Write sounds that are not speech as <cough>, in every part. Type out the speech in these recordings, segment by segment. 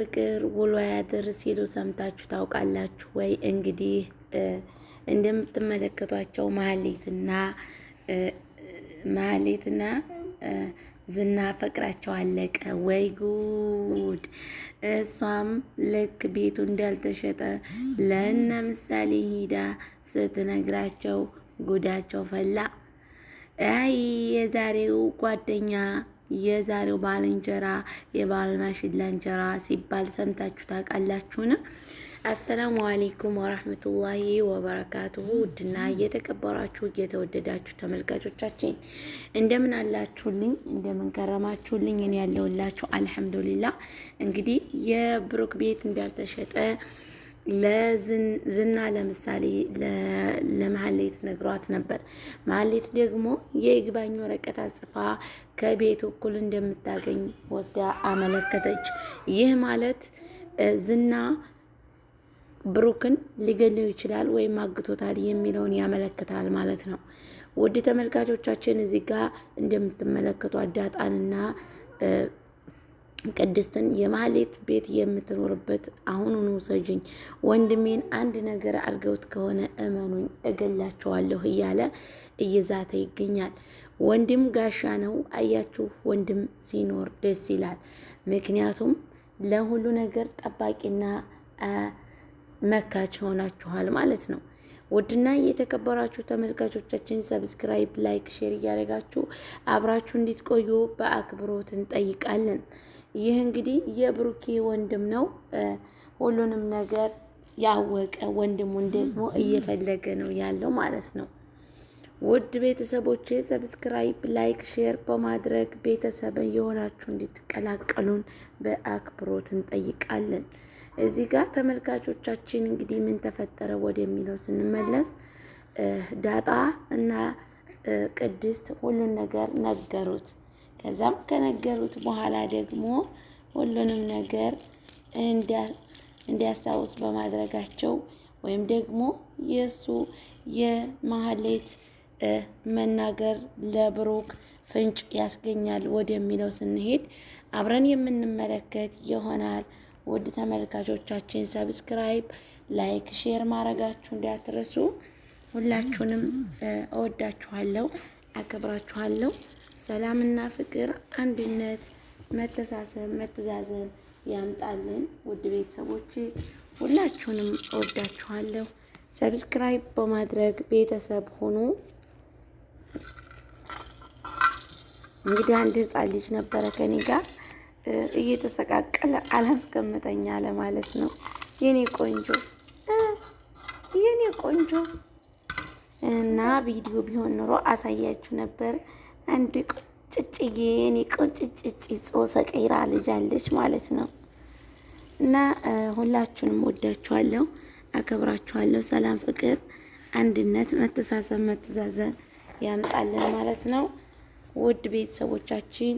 ፍቅር ውሎ ያድር ሲሉ ሰምታችሁ ታውቃላችሁ ወይ? እንግዲህ እንደምትመለከቷቸው ማህሌትና ማህሌትና ዝና ፍቅራቸው አለቀ። ወይ ጉድ! እሷም ልክ ቤቱ እንዳልተሸጠ ለእነ ምሳሌ ሂዳ ስትነግራቸው ጉዳቸው ፈላ። አይ የዛሬው ጓደኛ የዛሬው ባል እንጀራ የባል ማሽላ እንጀራ ሲባል ሰምታችሁ ታውቃላችሁን? አሰላሙ አሌይኩም ወራህመቱላሂ ወበረካቱሁ። ውድና እየተከበራችሁ እየተወደዳችሁ ተመልካቾቻችን እንደምን አላችሁልኝ? እንደምን ከረማችሁልኝ? እኔ ያለሁላችሁ አልሐምዱሊላ። እንግዲህ የብሩክ ቤት እንዳልተሸጠ ለዝና ለምሳሌ ለመሀሌት ነግሯት ነበር። መሀሌት ደግሞ የይግባኝ ወረቀት አጽፋ ከቤት እኩል እንደምታገኝ ወስዳ አመለከተች። ይህ ማለት ዝና ብሩክን ሊገለው ይችላል ወይም አግቶታል የሚለውን ያመለክታል ማለት ነው። ውድ ተመልካቾቻችን እዚህ ጋር እንደምትመለከቱ አዳጣንና ቅድስትን የማህሌት ቤት የምትኖርበት አሁኑን ውሰጅኝ፣ ወንድሜን አንድ ነገር አድርገውት ከሆነ እመኑኝ እገላቸዋለሁ እያለ እየዛተ ይገኛል። ወንድም ጋሻ ነው። አያችሁ፣ ወንድም ሲኖር ደስ ይላል። ምክንያቱም ለሁሉ ነገር ጠባቂና መካች ሆናችኋል ማለት ነው። ውድና የተከበራችሁ ተመልካቾቻችን ሰብስክራይብ፣ ላይክ፣ ሼር እያደረጋችሁ አብራችሁ እንድትቆዩ በአክብሮት እንጠይቃለን። ይህ እንግዲህ የብሩኬ ወንድም ነው። ሁሉንም ነገር ያወቀ ወንድሙን ደግሞ እየፈለገ ነው ያለው ማለት ነው። ውድ ቤተሰቦቼ ሰብስክራይብ፣ ላይክ፣ ሼር በማድረግ ቤተሰብ የሆናችሁ እንድትቀላቀሉን በአክብሮት እንጠይቃለን። እዚህ ጋር ተመልካቾቻችን እንግዲህ ምን ተፈጠረ ወደሚለው ስንመለስ ዳጣ እና ቅድስት ሁሉን ነገር ነገሩት። ከዛም ከነገሩት በኋላ ደግሞ ሁሉንም ነገር እንዲያስታውስ በማድረጋቸው ወይም ደግሞ የእሱ የማህሌት መናገር ለብሩክ ፍንጭ ያስገኛል ወደሚለው ስንሄድ አብረን የምንመለከት ይሆናል። ውድ ተመልካቾቻችን ሰብስክራይብ፣ ላይክ፣ ሼር ማድረጋችሁ እንዳትረሱ። ሁላችሁንም እወዳችኋለሁ፣ አከብራችኋለሁ። ሰላምና ፍቅር፣ አንድነት፣ መተሳሰብ፣ መተዛዘን ያምጣልን። ውድ ቤተሰቦች ሁላችሁንም እወዳችኋለሁ። ሰብስክራይብ በማድረግ ቤተሰብ ሁኑ። እንግዲህ አንድ ህፃን ልጅ ነበረ ከኔ ጋር እየተሰቃቀለ አላስቀምጠኝ አለ ማለት ነው። የኔ ቆንጆ የኔ ቆንጆ እና ቪዲዮ ቢሆን ኑሮ አሳያችሁ ነበር። አንድ ቁጭጭዬ የኔ ቁጭጭጭ ጾሰ ቀይራ ልጅ አለች ማለት ነው። እና ሁላችሁንም ወዳችኋለሁ፣ አከብራችኋለሁ። ሰላም፣ ፍቅር፣ አንድነት፣ መተሳሰብ፣ መተዛዘን ያምጣልን ማለት ነው። ውድ ቤተሰቦቻችን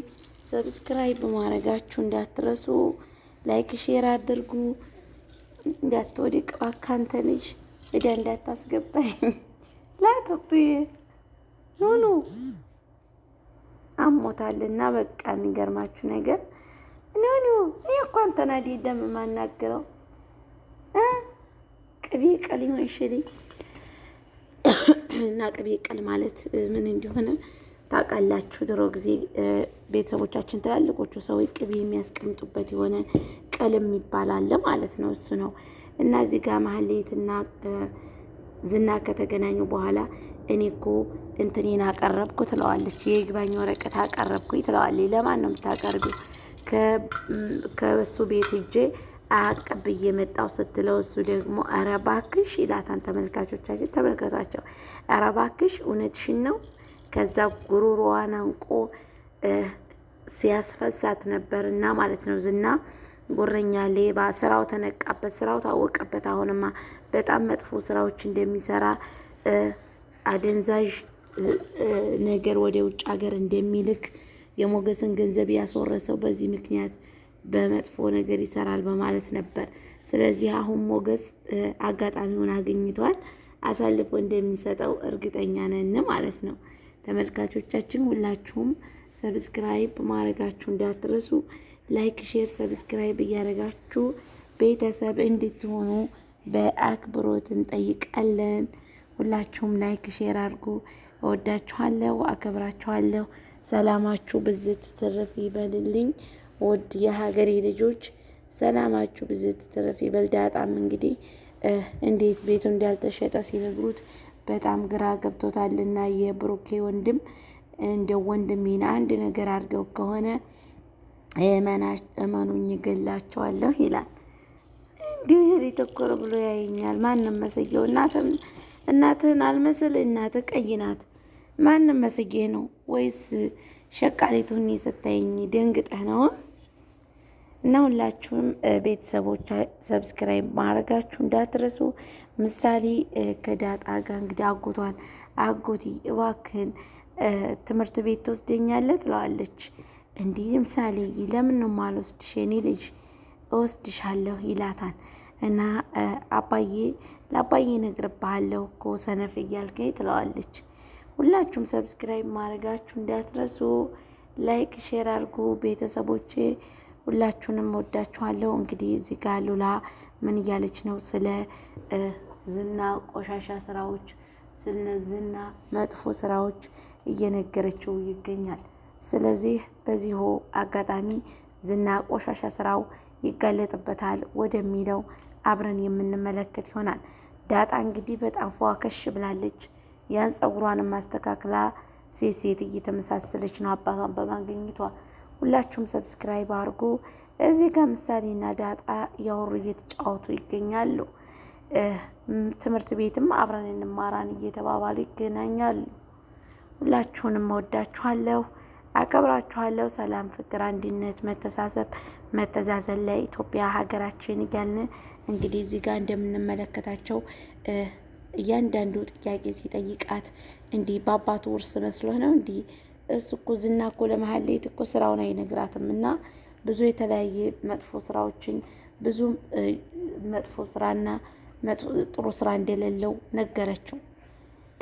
ሰብስክራይብ ማድረጋችሁ እንዳትረሱ፣ ላይክ ሼር አድርጉ። እንዳትወድቅ አካንተ ልጅ እዳ እንዳታስገባኝ ላቶብዬ ኑኑ አሞታልና በቃ የሚገርማችሁ ነገር ኑኑ እኔ እኮ ተናዲ ደም ማናገረው ቅቤ ቀል ይሆን ሽልኝ እና ቅቤ ቀል ማለት ምን እንደሆነ ታውቃላችሁ ድሮ ጊዜ ቤተሰቦቻችን ትላልቆቹ ሰው ቅቤ የሚያስቀምጡበት የሆነ ቀለም ይባላል ማለት ነው። እሱ ነው እና እዚህ ጋር ማህሌትና ዝና ከተገናኙ በኋላ እኔ እኮ እንትኔን አቀረብኩ ትለዋለች። የይግባኝ ወረቀት አቀረብኩ ትለዋለች። ለማን ነው የምታቀርቢ? ከእሱ ቤት እጄ አቀብዬ መጣሁ ስትለው እሱ ደግሞ ኧረ እባክሽ ይላታን። ተመልካቾቻችን ተመልከቷቸው። ኧረ እባክሽ እውነትሽን ነው ከዛ ጉሮሮዋን አንቆ ሲያስፈሳት ነበር እና ማለት ነው ዝና ጉረኛ ሌባ ስራው ተነቃበት፣ ስራው ታወቀበት። አሁንማ በጣም መጥፎ ስራዎች እንደሚሰራ አደንዛዥ ነገር ወደ ውጭ ሀገር እንደሚልክ የሞገስን ገንዘብ ያስወረሰው በዚህ ምክንያት በመጥፎ ነገር ይሰራል በማለት ነበር። ስለዚህ አሁን ሞገስ አጋጣሚውን አግኝቷል፣ አሳልፎ እንደሚሰጠው እርግጠኛ ነን ማለት ነው። ተመልካቾቻችን ሁላችሁም ሰብስክራይብ ማድረጋችሁ እንዳትረሱ፣ ላይክ፣ ሼር፣ ሰብስክራይብ እያደረጋችሁ ቤተሰብ እንድትሆኑ በአክብሮት እንጠይቃለን። ሁላችሁም ላይክ ሼር አድርጉ። እወዳችኋለሁ፣ አከብራችኋለሁ። ሰላማችሁ ብዝት ትርፍ ይበልልኝ። ውድ የሀገሬ ልጆች ሰላማችሁ ብዝት ትርፍ ይበል። ዳጣም እንግዲህ እንዴት ቤቱ እንዳልተሸጠ ሲነግሩት በጣም ግራ ገብቶታል ገብቶታልና የብሩኬ ወንድም እንደ ወንድሜን አንድ ነገር አድርገው ከሆነ እመኑኝ ገላቸዋለሁ ይላል። እንዲሁ ይሄ ተኮር ብሎ ያየኛል። ማንም መሰየው እናትህን አልመስል እናትህ ቀይ ናት። ማንም መሰየህ ነው ወይስ ሸቃሌቱን የሰታይኝ ደንግጠህ ነው? እና ሁላችሁም ቤተሰቦች ሰብስክራይብ ማድረጋችሁ እንዳትረሱ። ምሳሌ ከዳጣ ጋር እንግዲህ አጎቷን አጎቴ እባክህን ትምህርት ቤት ትወስደኛለህ ትለዋለች። እንዲህ ምሳሌ ለምን ነው የማልወስድሽ የኔ ልጅ እወስድሻለሁ ይላታል። እና አባዬ ለአባዬ እነግርብሃለሁ እኮ ሰነፍ እያልከኝ ትለዋለች። ሁላችሁም ሰብስክራይብ ማድረጋችሁ እንዳትረሱ፣ ላይክ ሼር አድርጉ ቤተሰቦቼ። ሁላችሁንም ወዳችኋለሁ። እንግዲህ እዚህ ጋር ሉላ ምን እያለች ነው? ስለ ዝና ቆሻሻ ስራዎች፣ ስለ ዝና መጥፎ ስራዎች እየነገረችው ይገኛል። ስለዚህ በዚሁ አጋጣሚ ዝና ቆሻሻ ስራው ይጋለጥበታል ወደሚለው አብረን የምንመለከት ይሆናል። ዳጣ እንግዲህ በጣም ከሽ ብላለች። ያን ጸጉሯንም ማስተካከላ ሴት ሴት እየተመሳሰለች ነው አባቷን በማግኘቷ ሁላችሁም ሰብስክራይብ አድርጉ። እዚህ ጋር ምሳሌና ዳጣ እያወሩ እየተጫወቱ ይገኛሉ። ትምህርት ቤትም አብረን እንማራን እየተባባሉ ይገናኛሉ። ሁላችሁንም እወዳችኋለሁ፣ አከብራችኋለሁ። ሰላም፣ ፍቅር፣ አንድነት፣ መተሳሰብ፣ መተዛዘን ለኢትዮጵያ ሀገራችን እያልን እንግዲህ እዚህ ጋር እንደምንመለከታቸው እያንዳንዱ ጥያቄ ሲጠይቃት እንዲህ በአባቱ ውርስ መስሎ ነው እንዲህ እሱ እኮ ዝና እኮ ለመሀሌት እኮ ስራውን አይነግራትም እና ብዙ የተለያየ መጥፎ ስራዎችን ብዙ መጥፎ ስራና ጥሩ ስራ እንደሌለው ነገረችው።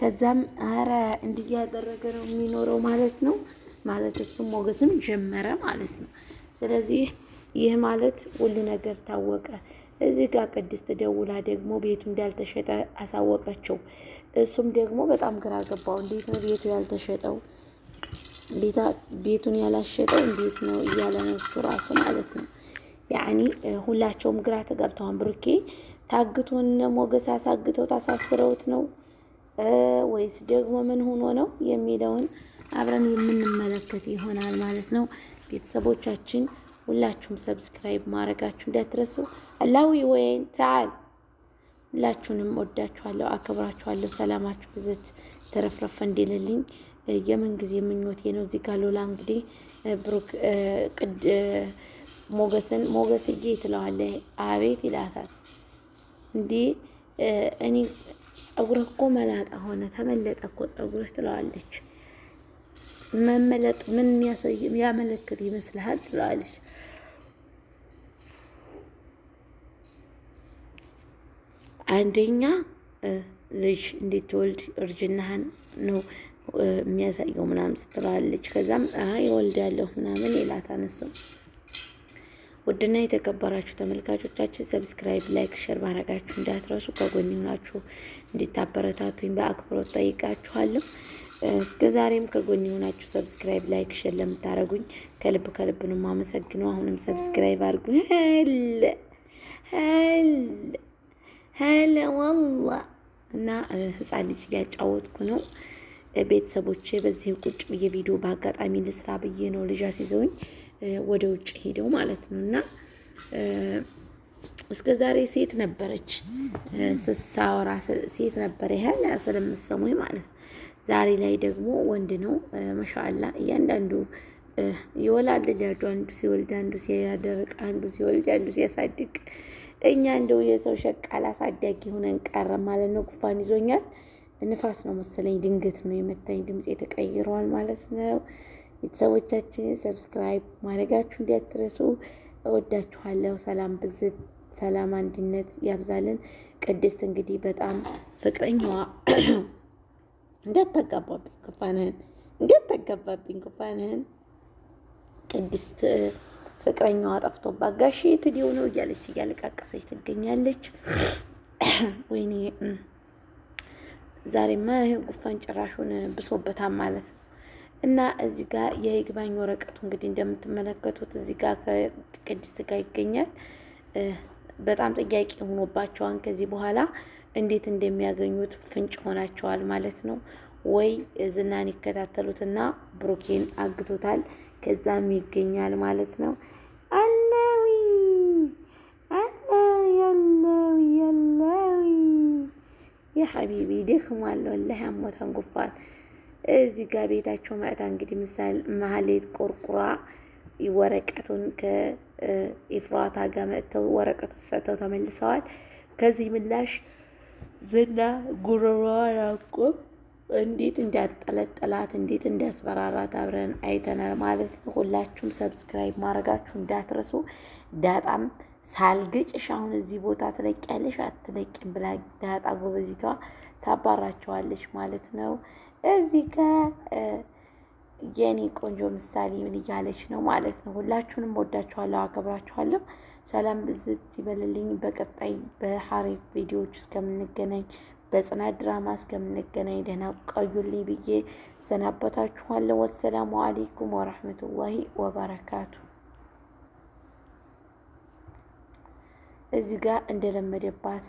ከዛም አረ እንዲህ ያደረገ ነው የሚኖረው ማለት ነው ማለት እሱም ሞገስም ጀመረ ማለት ነው። ስለዚህ ይህ ማለት ሁሉ ነገር ታወቀ። እዚህ ጋር ቅድስት ደውላ ደግሞ ቤቱ እንዳልተሸጠ አሳወቀችው። እሱም ደግሞ በጣም ግራ ገባው። እንዴት ነው ቤቱ ያልተሸጠው? ቤቱን ያላሸጠው እንዴት ነው እያለ ነው እሱ ራሱ ማለት ነው። ያኒ ሁላቸውም ግራ ተጋብተዋን። ብሩኬ ታግቶን ሞገስ አሳግተው ታሳስረውት ነው ወይስ ደግሞ ምን ሆኖ ነው የሚለውን አብረን የምንመለከት ይሆናል ማለት ነው። ቤተሰቦቻችን ሁላችሁም ሰብስክራይብ ማድረጋችሁ እንዳትረሱ። አላዊ ወይን ታል ሁላችሁንም ወዳችኋለሁ፣ አከብራችኋለሁ። ሰላማችሁ ብዘት ተረፍረፈ እንዲልልኝ የምን ጊዜ ምኞቴ ነው። እዚህ ጋር ሎላ እንግዲህ ብሩክ ሞገስን ሞገስዬ ትለዋለህ። አቤት ይላታል። እንዲህ እኔ ጸጉርህ እኮ መላጣ ሆነ ተመለጠ እኮ ጸጉርህ ትለዋለች። መመለጥ ምን ያመለክት ይመስልሃል? ትለዋለች አንደኛ ልጅ እንዴት ወልድ እርጅናህን ነው የሚያሳየው ምናምን ስትለዋለች። ከዛም አይ ያለሁ ምናምን ይላታል እሱ። ውድና የተከበራችሁ ተመልካቾቻችን ሰብስክራይብ፣ ላይክ፣ ሸር ማድረጋችሁ እንዳትረሱ። ከጎን ሆናችሁ እንዲታበረታቱኝ በአክብሮት ጠይቃችኋለሁ። እስከ ዛሬም ከጎን የሆናችሁ ሰብስክራይብ፣ ላይክ፣ ሸር ለምታደረጉኝ ከልብ ከልብ ነው የማመሰግነው። አሁንም ሰብስክራይብ አድርጉ። ሀል ሀል ሀል ወላ እና ህፃን ልጅ እያጫወትኩ ነው ቤተሰቦቼ በዚህ ቁጭ ብዬ ቪዲዮ በአጋጣሚ ልስራ ብዬ ነው ልጅ አስይዘውኝ ወደ ውጭ ሄደው ማለት ነው። እና እስከ ዛሬ ሴት ነበረች ስሳወራ ሴት ነበር ያህል ስለምሰሙኝ ማለት ነው። ዛሬ ላይ ደግሞ ወንድ ነው መሻአላ። እያንዳንዱ ይወላል ልጅ አንዱ ሲወልድ አንዱ ሲያደርቅ አንዱ ሲወልድ አንዱ ሲያሳድቅ እኛ እንደው የሰው ሸቃላ አሳዳጊ ሆነን ቀረ ማለት ነው። ጉፋን ይዞኛል። ንፋስ ነው መሰለኝ፣ ድንገት ነው የመታኝ። ድምፅ የተቀይረዋል ማለት ነው። ቤተሰቦቻችን ሰብስክራይብ ማድረጋችሁ እንዲያትረሱ። እወዳችኋለሁ። ሰላም ብዝት፣ ሰላም አንድነት ያብዛልን። ቅድስት እንግዲህ በጣም ፍቅረኛዋ <clears throat> እንዳታጋባብኝ ኩፋንህን፣ እንዳታጋባብኝ ኩፋንህን። ቅድስት ፍቅረኛዋ ጠፍቶባት ጋሼ ትዲው ነው እያለች እያለቃቀሰች ትገኛለች። <clears throat> ወይኔ ዛሬማ ይህ ጉፋን ጭራሹን ብሶበታል ማለት ነው። እና እዚህ ጋር የይግባኝ ወረቀቱ እንግዲህ እንደምትመለከቱት እዚህ ጋር ከቅድስት ጋር ይገኛል። በጣም ጥያቄ ሆኖባቸዋል። ከዚህ በኋላ እንዴት እንደሚያገኙት ፍንጭ ሆናቸዋል ማለት ነው። ወይ ዝናን ይከታተሉትና ብሩኬን አግቶታል፣ ከዛም ይገኛል ማለት ነው። የሀቢቢ ደክሟል፣ ወላሂ አሞታን ጉፋን። እዚህ ጋር ቤታቸው መእታ እንግዲህ ምሳሌ መሀሌት ቆርቁራ ወረቀቱን ከኢፍራታ ጋር መጥተው ወረቀቱ ሰጥተው ተመልሰዋል። ከዚህ ምላሽ ዝና ጉሮሮዋን አቆም እንዴት እንዳጠለጠላት እንዴት እንዳስበራራት አብረን አይተናል ማለት ነው። ሁላችሁም ሰብስክራይብ ማድረጋችሁ እንዳትረሱ። ዳጣም ሳልግጭሽ አሁን እዚህ ቦታ ትለቂያለሽ አትለቂም ብላ ዳጣ ጎበዚቷ ታባራቸዋለች ማለት ነው። እዚህ ጋ የኔ ቆንጆ ምሳሌ ምን እያለች ነው ማለት ነው። ሁላችሁንም ወዳችኋለሁ፣ አከብራችኋለሁ። ሰላም ብዝት ይበልልኝ። በቀጣይ በሀሪፍ ቪዲዮዎች እስከምንገናኝ በጽናት ድራማ እስከምንገናኝ ደህና ቆዩልኝ ብዬ ሰናበታችኋለሁ። ወሰላሙ አሌይኩም ወረህመቱላሂ ወበረካቱ። እዚህ ጋር እንደለመደባት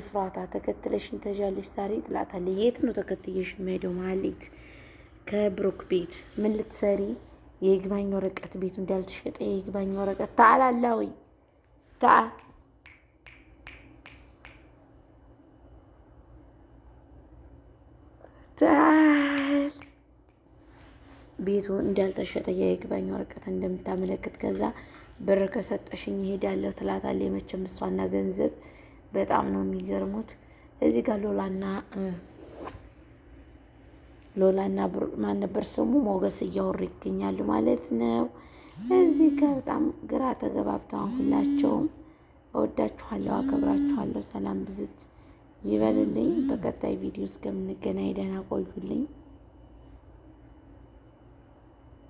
ኢፍራታ ተከትለሽን ተጃለሽ ዛሬ ጥላታለ። የት ነው ተከትየሽ የምሄደው? ማሌት ከብሩክ ቤት ምን ልትሰሪ? የይግባኝ ወረቀት ቤቱ እንዳልተሸጠ የይግባኝ ወረቀት ታላላዊ ታ ይመጣል። ቤቱ እንዳልተሸጠ የይግባኝ ወረቀት እንደምታመለክት ከዛ ብር ከሰጠሽኝ ይሄዳለሁ ትላታል። የመቼም እሷና ገንዘብ በጣም ነው የሚገርሙት። እዚህ ጋር ሎላና ሎላና ማን ነበር ስሙ ሞገስ እያወሩ ይገኛሉ ማለት ነው። እዚህ ጋር በጣም ግራ ተገባብተ ሁላቸውም። እወዳችኋለሁ፣ አከብራችኋለሁ። ሰላም ብዝት ይበልልኝ። በቀጣይ ቪዲዮ እስከምንገናኝ ደህና ቆዩልኝ።